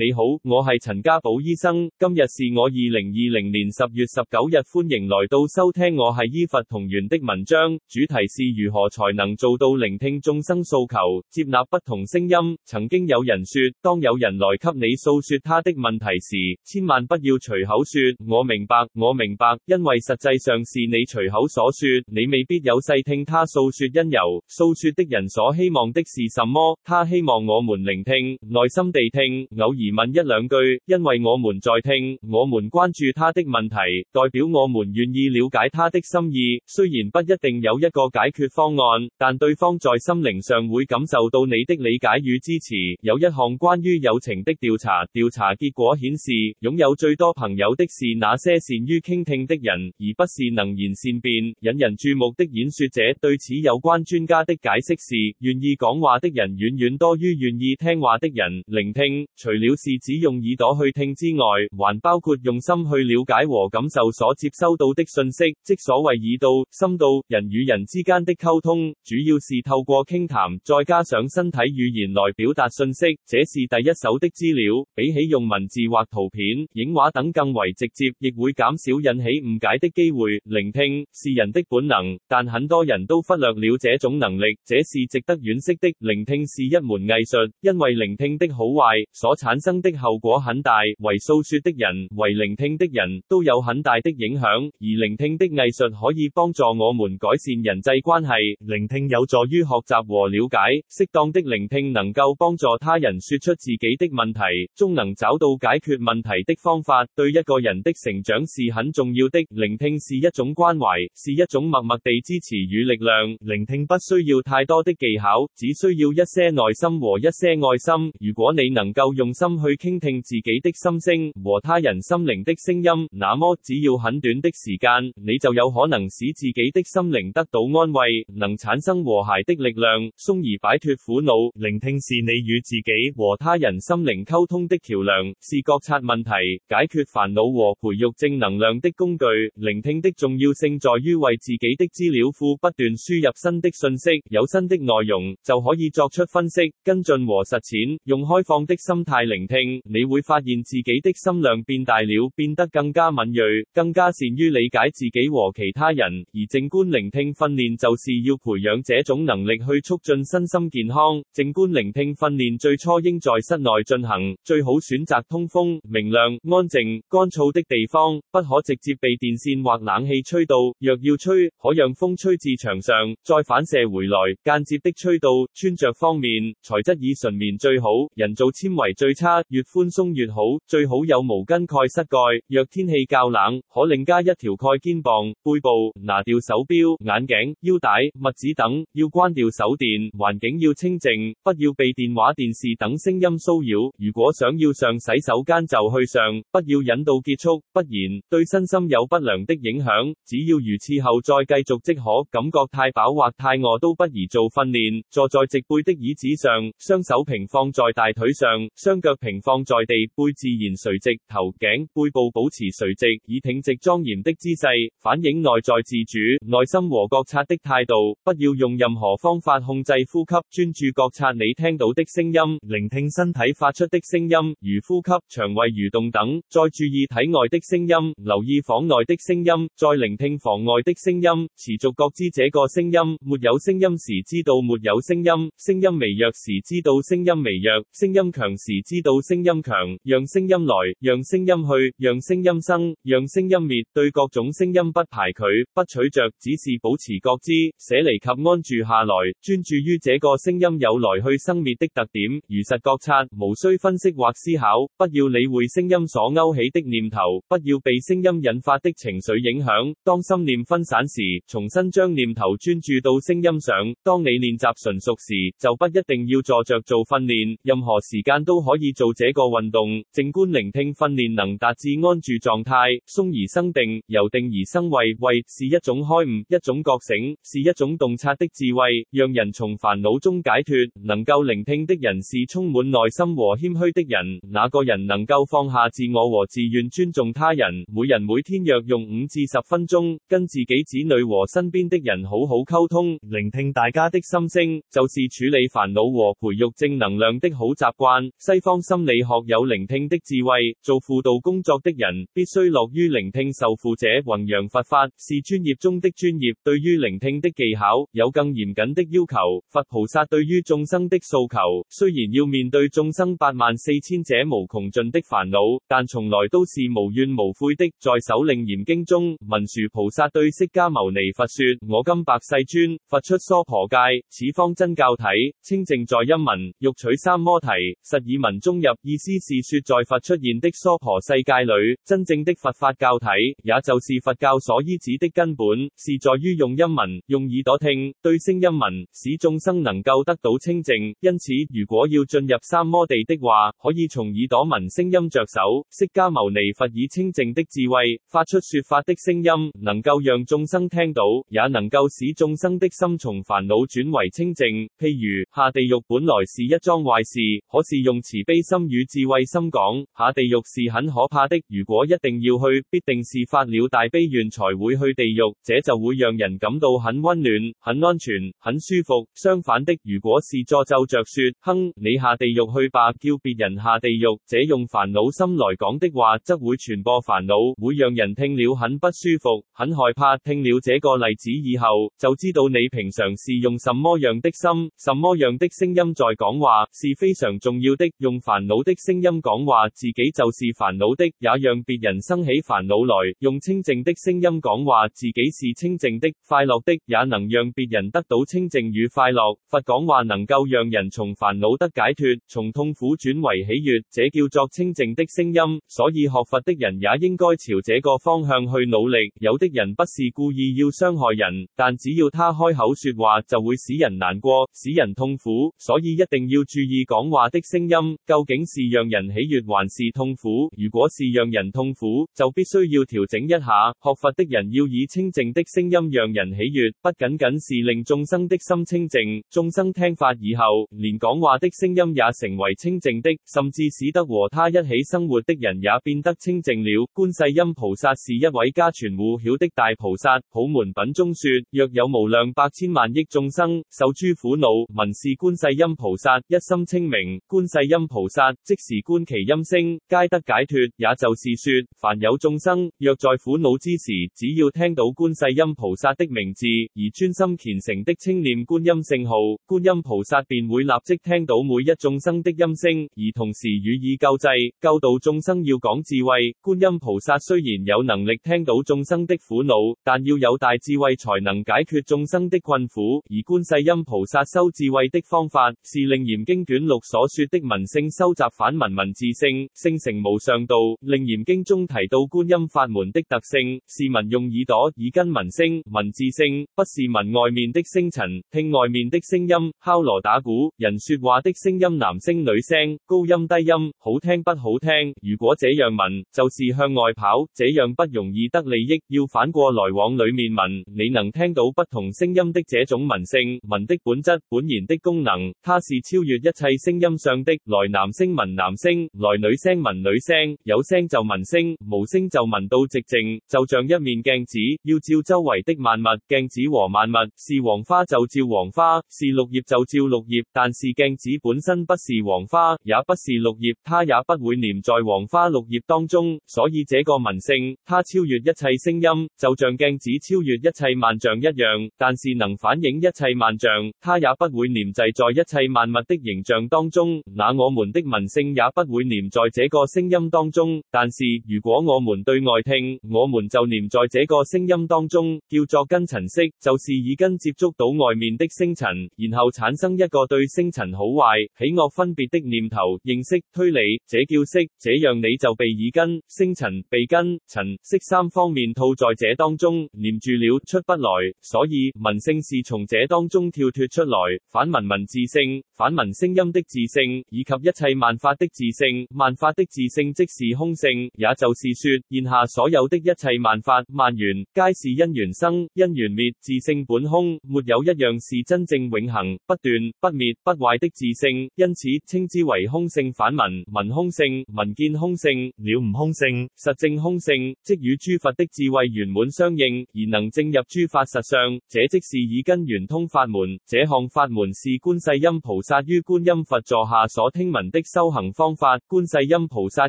你好，我係陳家寶醫生。今日是我二零二零年十月十九日，歡迎來到收聽我係醫佛同源的文章。主題是如何才能做到聆聽眾生訴求，接納不同聲音。曾經有人說，當有人來給你訴說他的問題時，千萬不要隨口說我明白，我明白，因為實際上是你隨口所說，你未必有細聽他訴說因由。訴說的人所希望的是什麼？他希望我們聆聽，耐心地聽，偶爾，問一兩句，因為我們在聽，我們關注他的問題，代表我們願意了解他的心意。雖然不一定有一個解決方案，但對方在心靈上會感受到你的理解與支持。有一項關於友情的調查，調查結果顯示，擁有最多朋友的是那些善於傾聽的人，而不是能言善辯、引人注目的演說者。對此有關專家的解釋是：願意講話的人遠遠多於願意聽話的人。聆聽除了，是指用耳朵去聽之外，還包括用心去了解和感受所接收到的信息，即所謂耳到、心到。人與人之間的溝通，主要是透過傾談，再加上身體語言來表達信息，這是第一手的資料。比起用文字或圖片、影畫等更為直接，亦會減少引起誤解的機會。聆聽是人的本能，但很多人都忽略了這種能力，這是值得惋惜的。聆聽是一門藝術，因為聆聽的好壞所產。生的後果很大，為訴說的人、為聆聽的人都有很大的影響。而聆聽的藝術可以幫助我們改善人際關係。聆聽有助於學習和了解，適當的聆聽能夠幫助他人說出自己的問題，終能找到解決問題的方法。對一個人的成長是很重要的。聆聽是一種關懷，是一種默默地支持與力量。聆聽不需要太多的技巧，只需要一些耐心和一些愛心。如果你能夠用心。去傾聽自己的心聲和他人心靈的聲音，那麼只要很短的時間，你就有可能使自己的心靈得到安慰，能產生和諧的力量，鬆而擺脫苦惱。聆聽是你與自己和他人心靈溝通的橋梁，是覺察問題、解決煩惱和培育正能量的工具。聆聽的重要性在於為自己的資料庫不斷輸入新的信息，有新的內容就可以作出分析、跟進和實踐。用開放的心態聆。靜觀聆聽，你會發現自己的心量變大了，變得更加敏銳，更加善於理解自己和其他人。而靜觀聆聽訓練，就是要培養這種能力去促進身心健康。靜觀聆聽訓練，最初應在室內進行，最好選擇通風、明亮、安靜、乾燥的地方，不可直接被電線或冷氣吹到，若要吹，可讓風吹至牆上，再反射回來，間接的吹到。穿着方面，材質以純棉最好，人造纖維最差。越寬鬆越好，最好有毛巾蓋膝蓋。若天氣較冷，可另加一條蓋肩膀、背部。拿掉手錶、眼鏡、腰帶、襪子等。要關掉手電，環境要清靜，不要被電話、電視等聲音騷擾。如果想要上洗手間就去上，不要忍到結束，不然對身心有不良的影響。只要如廁後再繼續即可。感覺太飽或太餓都不宜做訓練。坐在直背的椅子上，雙手平放在大腿上，雙腳。平放在地背自然垂直，頭頸背部保持垂直，以挺直莊嚴的姿勢，反映內在自主、內心和覺察的態度。不要用任何方法控制呼吸，專注覺察你聽到的聲音，聆聽身體發出的聲音，如呼吸、腸胃蠕動等。再注意體外的聲音，留意房內的聲音，再聆聽房外的聲音，持續覺知這個聲音。沒有聲音時，知道沒有聲音；聲音微弱時，知道聲音微弱；聲音強時，知道。到聲音強，讓聲音來，讓聲音去，讓聲音生，讓聲音滅。對各種聲音不排拒，不取着，只是保持覺知，捨離及安住下來，專注於這個聲音有來去生滅的特點，如實覺察，無需分析或思考。不要理會聲音所勾起的念頭，不要被聲音引發的情緒影響。當心念分散時，重新將念頭專注到聲音上。當你練習純熟時，就不一定要坐着做訓練，任何時間都可以。做這個運動，靜觀聆聽訓練能達至安住狀態，鬆而生定，由定而生慧。慧是一種開悟，一種覺醒，是一種洞察的智慧，讓人從煩惱中解脫。能夠聆聽的人是充滿耐心和謙虛的人，那個人能夠放下自我和自願尊重他人。每人每天若用五至十分鐘跟自己子女和身邊的人好好溝通，聆聽大家的心聲，就是處理煩惱和培育正能量的好習慣。西方心理學有聆聽的智慧，做輔導工作的人必須樂於聆聽受輔者。弘揚佛法是專業中的專業，對於聆聽的技巧有更嚴謹的要求。佛菩薩對於眾生的訴求，雖然要面對眾生八萬四千者無窮盡的煩惱，但從來都是無怨無悔的。在《首楞嚴經》中，文殊菩薩對釋迦牟尼佛說：我今白世尊，佛出娑婆界，此方真教體，清淨在音聞，欲取三摩提，實以聞中。中入，意思是說，在佛出現的娑婆世界裏，真正的佛法教體，也就是佛教所依止的根本，是在於用音聞，用耳朵聽，對聲音聞，使眾生能夠得到清淨。因此，如果要進入三摩地的話，可以從耳朵聞聲音着手。釋迦牟尼佛以清淨的智慧發出說法的聲音，能夠讓眾生聽到，也能夠使眾生的心從煩惱轉為清淨。譬如下地獄本來是一樁壞事，可是用慈悲。心與智慧心講下地獄是很可怕的，如果一定要去，必定是發了大悲願才會去地獄，這就會讓人感到很温暖、很安全、很舒服。相反的，如果是詛咒着說，哼，你下地獄去吧，叫別人下地獄，這用煩惱心來講的話，則會傳播煩惱，會讓人聽了很不舒服、很害怕。聽了這個例子以後，就知道你平常是用什麼樣的心、什麼樣的聲音在講話，是非常重要的。用。煩惱的聲音講話，自己就是煩惱的，也讓別人生起煩惱來；用清淨的聲音講話，自己是清淨的、快樂的，也能讓別人得到清淨與快樂。佛講話能夠讓人從煩惱得解脱，從痛苦轉為喜悦，這叫做清淨的聲音。所以學佛的人也應該朝這個方向去努力。有的人不是故意要傷害人，但只要他開口說話，就會使人難過、使人痛苦，所以一定要注意講話的聲音。究竟是讓人喜悅還是痛苦？如果是讓人痛苦，就必須要調整一下。學佛的人要以清淨的聲音讓人喜悅，不僅僅是令眾生的心清淨，眾生聽法以後，連講話的聲音也成為清淨的，甚至使得和他一起生活的人也變得清淨了。觀世音菩薩是一位家傳戶曉的大菩薩。普門品中說，若有無量百千萬億眾生受諸苦惱，聞是觀世音菩薩，一心稱名。觀世音菩薩。即時觀其音聲，皆得解脱。也就是說，凡有眾生若在苦惱之時，只要聽到觀世音菩薩的名字而專心虔誠的稱念觀音聖號，觀音菩薩便會立即聽到每一眾生的音聲，而同時予以救濟，救度眾生要講智慧。觀音菩薩雖然有能力聽到眾生的苦惱，但要有大智慧才能解決眾生的困苦。而觀世音菩薩修智慧的方法，是令《嚴經卷六》所說的聞聲。收集反聞聞自性，聲成無上道。《楞嚴經》中提到觀音法門的特性是聞，用耳朵耳根聞聲，聞自性不是聞外面的聲塵，聽外面的聲音敲鑼打鼓，人說話的聲音男聲女聲，高音低音，好聽不好聽。如果這樣聞，就是向外跑，這樣不容易得利益。要反過來往裏面聞，你能聽到不同聲音的這種聞性，聞的本質本然的功能，它是超越一切聲音上的來南。聲聞男聲，來女聲聞女聲，有聲就聞聲，無聲就聞到寂靜，就像一面鏡子要照周圍的萬物，鏡子和萬物是黃花就照黃花，是綠葉就照綠葉，但是鏡子本身不是黃花，也不是綠葉，它也不會黏在黃花綠葉當中。所以這個聞聲，它超越一切聲音，就像鏡子超越一切萬象一樣，但是能反映一切萬象，它也不會粘滯在一切萬物的形象當中，那我們的。的聞性也不會黏在這個聲音當中，但是如果我們對外聽，我們就黏在這個聲音當中，叫做根塵識，就是耳根接觸到外面的聲塵，然後產生一個對聲塵好壞喜惡分別的念頭，認識推理，這叫識。這樣你就被耳根聲塵被根塵識三方面套在這當中，黏住了出不來，所以聞性是從這當中跳脫出來，反聞聞自性，反聞聲音的自性以及一切。是萬法的自性，萬法的自性即是空性，也就是說，現下所有的一切萬法萬緣，皆是因緣生，因緣滅，自性本空，沒有一樣是真正永恒不斷、不滅不壞的自性，因此稱之為空性。反聞聞空性，聞見空性，了悟空性，實證空性，即與諸佛的智慧圓滿相應，而能證入諸法實相。這即是以根圓通法門，這項法門是觀世音菩薩薩於觀音佛座下所聽聞的修行方法，觀世音菩薩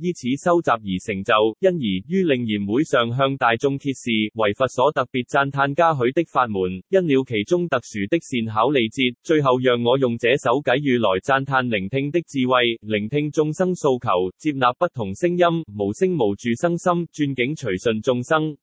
依此修習而成就，因而於靈驗會上向大眾揭示為佛所特別讚嘆嘉許的法門。因了其中特殊的善巧理智，最後讓我用這首偈語來讚嘆聆聽的智慧，聆聽眾生訴求，接納不同聲音，無聲無住生心，轉境隨順眾生。